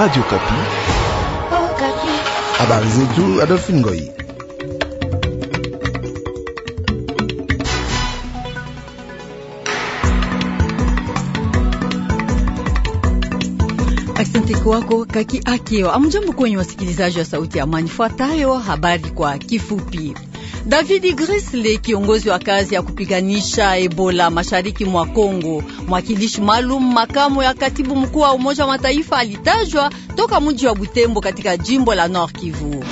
Radio Kapi. Oh, Kapi. Habari zetu Adolphe Ngoi. Asante kwako Kaki Akio. Amjambo kwenye wasikilizaji wa Sauti ya Amani, fuatayo habari kwa kifupi. David Grisley, kiongozi wa kazi ya kupiganisha Ebola mashariki mwa Kongo, mwakilishi maalum makamu ya katibu mkuu wa Umoja wa Mataifa, alitajwa toka mji wa Butembo katika jimbo la Nord Kivu.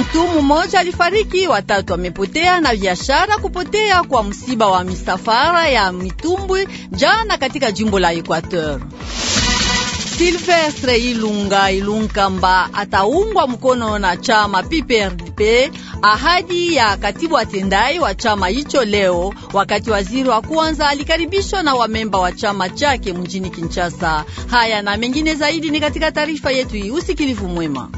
Mtu mmoja alifariki, watatu wamepotea na biashara kupotea kwa msiba wa misafara ya mitumbwi jana katika jimbo la Equateur. Silvestre Ilunga Ilunkamba ataungwa mkono na chama PPRD Ahadi ya katibu atendai wa chama hicho leo, wakati waziri wa kwanza alikaribishwa na wamemba wa chama chake mjini Kinshasa. Haya na mengine zaidi ni katika taarifa yetu hii. Usikilivu mwema.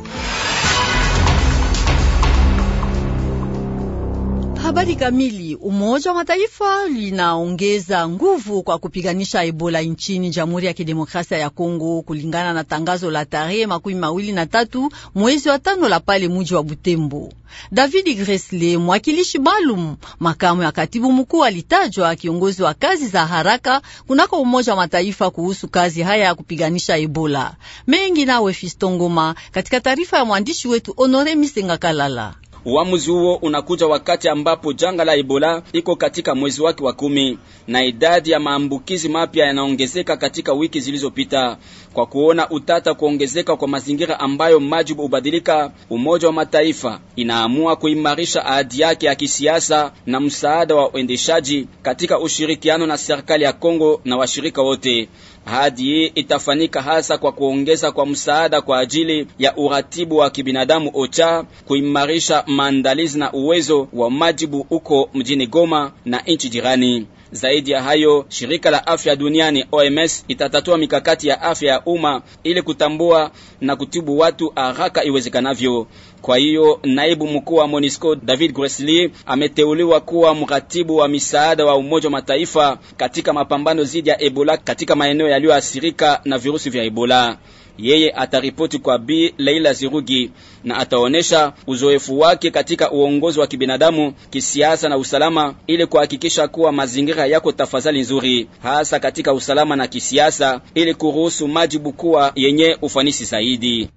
Habari kamili. Umoja wa Mataifa linaongeza nguvu kwa kupiganisha Ebola nchini Jamhuri ya Kidemokrasia ya Kongo, kulingana na tangazo la tarehe makumi mawili na tatu mwezi wa tano la pale muji wa Butembo. David Gresle, mwakilishi maalum makamu ya katibu mkuu, alitajwa kiongozi wa kazi za haraka kunako Umoja wa Mataifa kuhusu kazi haya ya kupiganisha Ebola. Mengi nawe fistongoma katika taarifa ya mwandishi wetu Honore Misenga Kalala. Uamuzi huo unakuja wakati ambapo janga la Ebola iko katika mwezi wake wa kumi na idadi ya maambukizi mapya yanaongezeka katika wiki zilizopita. Kwa kuona utata kuongezeka kwa mazingira ambayo majibu hubadilika, Umoja wa Mataifa inaamua kuimarisha ahadi yake ya kisiasa na msaada wa uendeshaji katika ushirikiano na serikali ya Kongo na washirika wote. Ahadi itafanyika hasa kwa kuongeza kwa msaada kwa ajili ya uratibu wa kibinadamu OCHA, kuimarisha maandalizi na uwezo wa majibu uko mjini Goma na nchi jirani. Zaidi ya hayo, shirika la afya duniani OMS itatatua mikakati ya afya ya umma ili kutambua na kutibu watu haraka iwezekanavyo. Kwa hiyo naibu mkuu wa MONUSCO David Gressly ameteuliwa kuwa mratibu wa misaada wa Umoja wa Mataifa katika mapambano dhidi ya Ebola katika maeneo yaliyoathirika na virusi vya Ebola yeye ataripoti kwa Bi Leila Zirugi na ataonyesha uzoefu wake katika uongozi wa kibinadamu, kisiasa na usalama, ili kuhakikisha kuwa mazingira yako tafadhali nzuri, hasa katika usalama na kisiasa, ili kuruhusu majibu kuwa yenye ufanisi zaidi.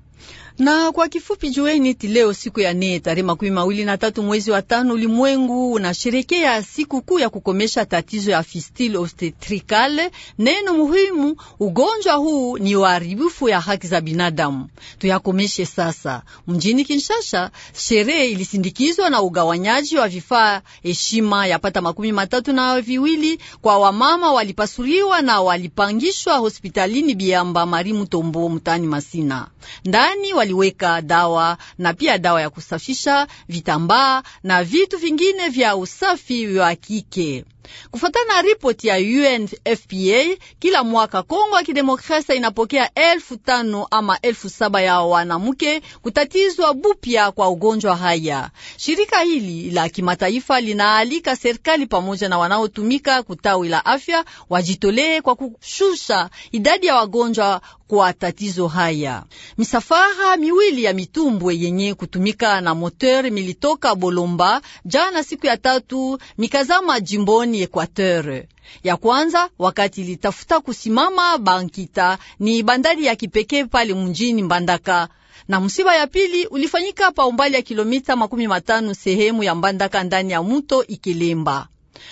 Na kwa kifupi jueni eti leo siku ya nne tarehe makumi mawili na tatu mwezi wa tano, ulimwengu unasherekea siku kuu ya kukomesha tatizo ya fistule obstetricale. Neno muhimu, ugonjwa huu ni uharibifu ya haki za binadamu. Tuyakomeshe sasa. Mjini Kinshasa, sherehe ilisindikizwa na ugawanyaji wa vifaa heshima ya pata makumi matatu na viwili kwa wamama walipasuliwa na walipangishwa hospitalini Biamba Mari Mutombo mtani Masina ndani wali aliweka dawa na pia dawa ya kusafisha vitambaa na vitu vingine vya usafi wa kike. Kufuatana na ripoti ya UNFPA, kila mwaka Kongo ya Kidemokrasia inapokea elfu tano ama elfu saba ya wanamke kutatizwa bupya kwa ugonjwa haya. Shirika hili la kimataifa linaalika serikali pamoja na wanaotumika kutawi la afya wajitolee kwa kushusha idadi ya wagonjwa kwa tatizo haya. Misafara miwili ya mitumbwe yenye kutumika na moteur militoka Bolomba jana siku ya tatu mikazama jimboni Equateur. Ya kwanza wakati litafuta kusimama Bankita ni bandari ya kipekee pale mjini Mbandaka na msiba ya pili ulifanyika pa umbali ya kilomita makumi matano sehemu ya Mbandaka ndani ya muto Ikilemba.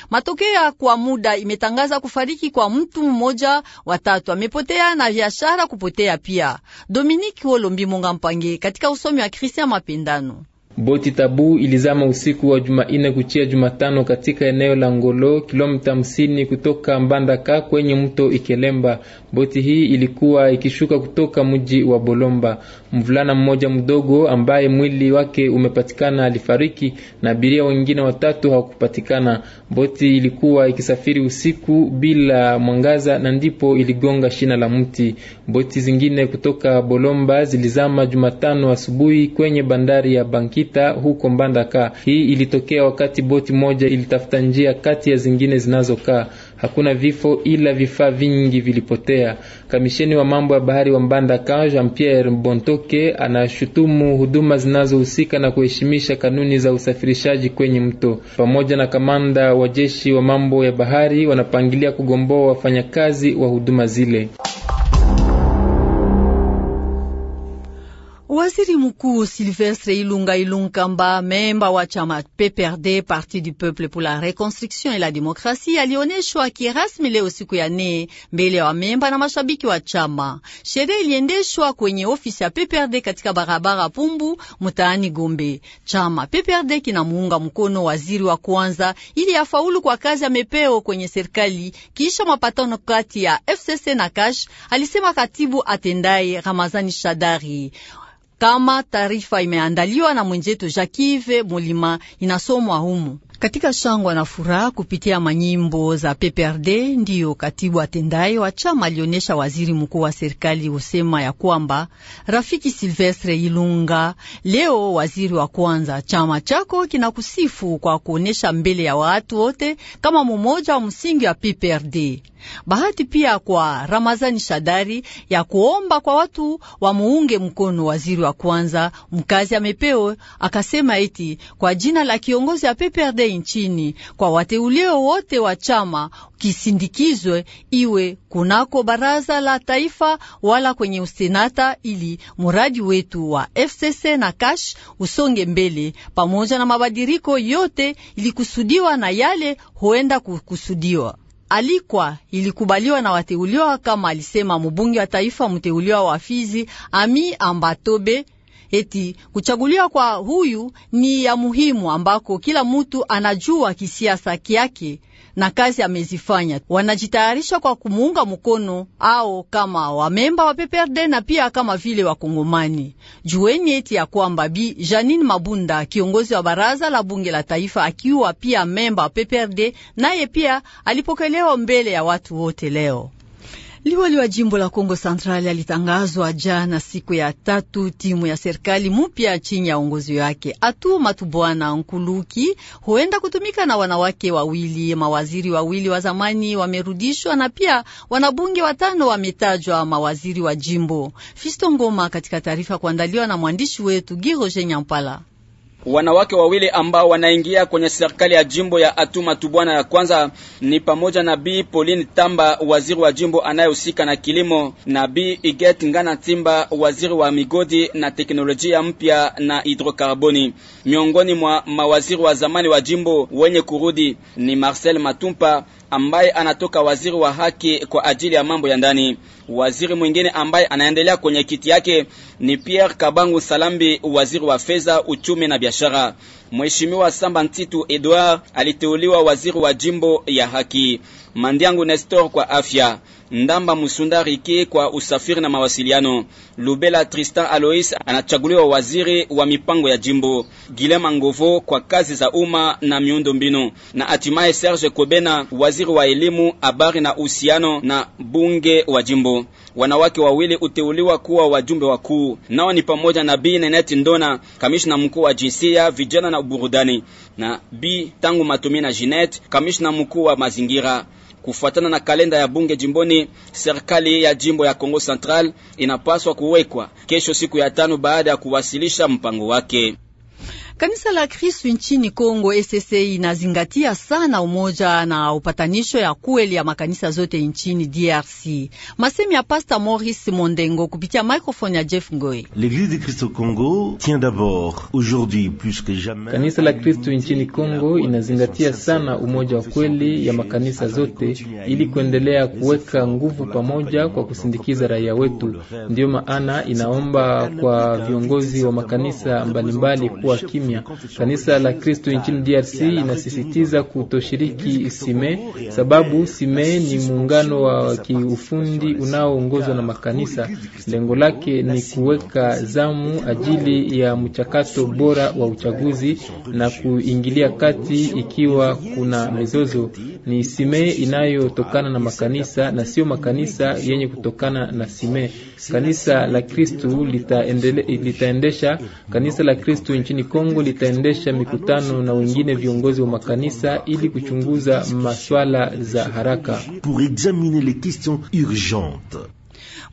Matokeo ya kwa muda imetangaza kufariki kwa mtu mmoja, watatu amepotea na biashara kupotea pia. Dominique Wolombi monga Mpange katika usomi wa Christian Mapendano. Boti Tabu ilizama usiku wa Jumanne kuchia Jumatano katika eneo la Ngolo, kilomita 50 kutoka Mbandaka kwenye mto Ikelemba. Boti hii ilikuwa ikishuka kutoka mji wa Bolomba. Mvulana mmoja mdogo ambaye mwili wake umepatikana alifariki na abiria wengine watatu hawakupatikana. Boti ilikuwa ikisafiri usiku bila mwangaza na ndipo iligonga shina la mti. Boti zingine kutoka Bolomba zilizama Jumatano asubuhi kwenye bandari ya Bankit kupita huko Mbandaka. Hii ilitokea wakati boti moja ilitafuta njia kati ya zingine zinazokaa. Hakuna vifo ila vifaa vingi vilipotea. Kamisheni wa mambo ya bahari wa Mbandaka Jean Pierre Bontoke anashutumu huduma zinazohusika na kuheshimisha kanuni za usafirishaji kwenye mto. Pamoja na kamanda wa jeshi wa mambo ya bahari, wanapangilia kugomboa wafanyakazi wa huduma zile. Waziri Mkuu Silvestre Ilunga Ilunkamba, memba wa chama PPRD, Parti du Peuple pour la Reconstruction et la Demokrasia, alionyeshwa kirasmi leo siku ya nne mbele ya memba na mashabiki wa chama. Sherehe iliendeshwa kwenye ofisi ya PPRD katika barabara Pumbu mtaani Gombe. Chama PPRD kinamuunga mkono waziri wa kwanza ili afaulu kwa kazi ya mepeo kwenye serikali kisha mapatano kati ya FCC na Kash, alisema katibu atendaye Ramazani Shadari kama taarifa imeandaliwa na mwenzetu Jakive Mulima, inasomwa humu katika shangwa na furaha kupitia manyimbo za PPRD. Ndiyo katibu atendaye wa chama alionyesha waziri mkuu wa serikali husema ya kwamba rafiki Silvestre Ilunga, leo waziri wa kwanza, chama chako kinakusifu kwa kuonyesha mbele ya watu wote kama mumoja wa msingi wa PPRD. Bahati pia kwa Ramazani Shadari ya kuomba kwa watu wamuunge mkono waziri wa kwanza mkazi amepewa, akasema eti kwa jina la kiongozi ya PPRD nchini kwa wateulio wote wa chama kisindikizwe iwe kunako baraza la taifa wala kwenye usenata, ili muradi wetu wa FCC na cash usonge mbele pamoja na mabadiriko yote ilikusudiwa na yale huenda kukusudiwa alikwa ilikubaliwa na wateuliwa kama alisema mubungi wa taifa mteuliwa wa Fizi Ami Ambatobe eti kuchaguliwa kwa huyu ni ya muhimu ambako kila mutu anajua kisiasa kyake na kazi amezifanya. Wanajitayarisha kwa kumuunga mkono ao kama wamemba wa PPRD na pia kama vile Wakongomani. Jueni eti ya kwamba Bi Janine Mabunda, kiongozi wa baraza la bunge la taifa, akiwa pia memba wa PPRD, naye pia alipokelewa mbele ya watu wote leo. Liwali wa jimbo la Kongo Central alitangazwa jana siku ya tatu timu ya serikali mupya chini ya uongozi wake. Atu matubwana Nkuluki huenda kutumika na wanawake wawili, mawaziri wawili wa zamani wamerudishwa, na pia wanabunge watano wametajwa mawaziri wa jimbo. Fisto Ngoma katika taarifa kuandaliwa na mwandishi wetu Giroje Nyampala. Wanawake wawili ambao wanaingia kwenye serikali ya jimbo ya Atuma Tubwana ya kwanza ni pamoja na Bi Pauline Tamba, waziri wa jimbo anayehusika na kilimo, na Bi Iget Ngana Timba, waziri wa migodi na teknolojia mpya na hidrokarboni. Miongoni mwa mawaziri wa zamani wa jimbo wenye kurudi ni Marcel Matumpa ambaye anatoka waziri wa haki kwa ajili ya mambo ya ndani. Waziri mwingine ambaye anaendelea kwenye kiti yake ni Pierre Kabangu Salambi, waziri wa fedha, uchumi na biashara. Mheshimiwa Samba Ntitu Edouard aliteuliwa waziri wa jimbo ya haki. Mandiangu Nestor kwa afya, Ndamba Musunda Rike kwa usafiri na mawasiliano, Lubela Tristan Alois anachaguliwa waziri wa mipango ya jimbo, Gilema Ngovo kwa kazi za umma na miundo mbinu, na hatimaye Serge Kobena waziri wa elimu, habari na uhusiano na bunge wa jimbo. Wanawake wawili uteuliwa kuwa wajumbe wakuu, nao ni pamoja na Bi Nenet Ndona, kamishna mkuu wa jinsia, vijana na burudani, na Bi Tangu Matumina Jinet, kamishna mkuu wa mazingira. Kufuatana na kalenda ya bunge jimboni, serikali ya jimbo ya Kongo Central inapaswa kuwekwa kesho siku ya tano baada ya kuwasilisha mpango wake. Kanisa la Kristu nchini Kongo esese inazingatia sana umoja na upatanisho ya kweli ya makanisa zote nchini DRC. Masemi ya Pasta Maurice Mondengo kupitia microphone ya Jeff Ngoi. Kanisa la Kristu nchini Kongo inazingatia sana umoja wa kweli ya makanisa zote ili kuendelea kuweka nguvu pamoja kwa kusindikiza raia wetu. Ndiyo maana inaomba kwa viongozi wa makanisa mbalimbali kuwa kimya kimya. Kanisa la Kristo nchini DRC inasisitiza kutoshiriki sime, sababu sime ni muungano wa kiufundi unaoongozwa na makanisa. Lengo lake ni kuweka zamu ajili ya mchakato bora wa uchaguzi na kuingilia kati ikiwa kuna mizozo. Ni sime inayotokana na makanisa na sio makanisa yenye kutokana na sime. Kanisa la Kristu litaendesha kanisa la Kristu nchini Kongo litaendesha mikutano na wengine viongozi wa makanisa ili kuchunguza maswala za haraka.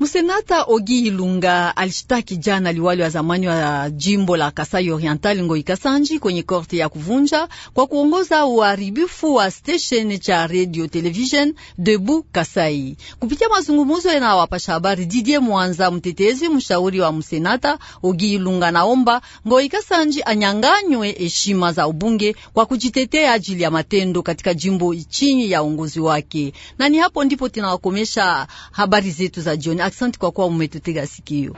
Msenata Ogi Ilunga alishtaki jana liwali wa zamani wa jimbo la Kasai Oriental Ngoi Kasanji kwenye korte ya kuvunja kwa kuongoza uharibifu wa station cha radio television Debu Kasai. Kupitia mazungumzo na wapasha habari, Didie Mwanza, mtetezi mshauri wa msenata Ogi Ilunga, naomba Ngoi Kasanji anyanganywe heshima za ubunge kwa kujitetea ajili ya matendo katika jimbo chini ya uongozi wake. Na ni hapo ndipo tunawakomesha habari zetu za jioni. Asante kwa kuwa umetutega sikio.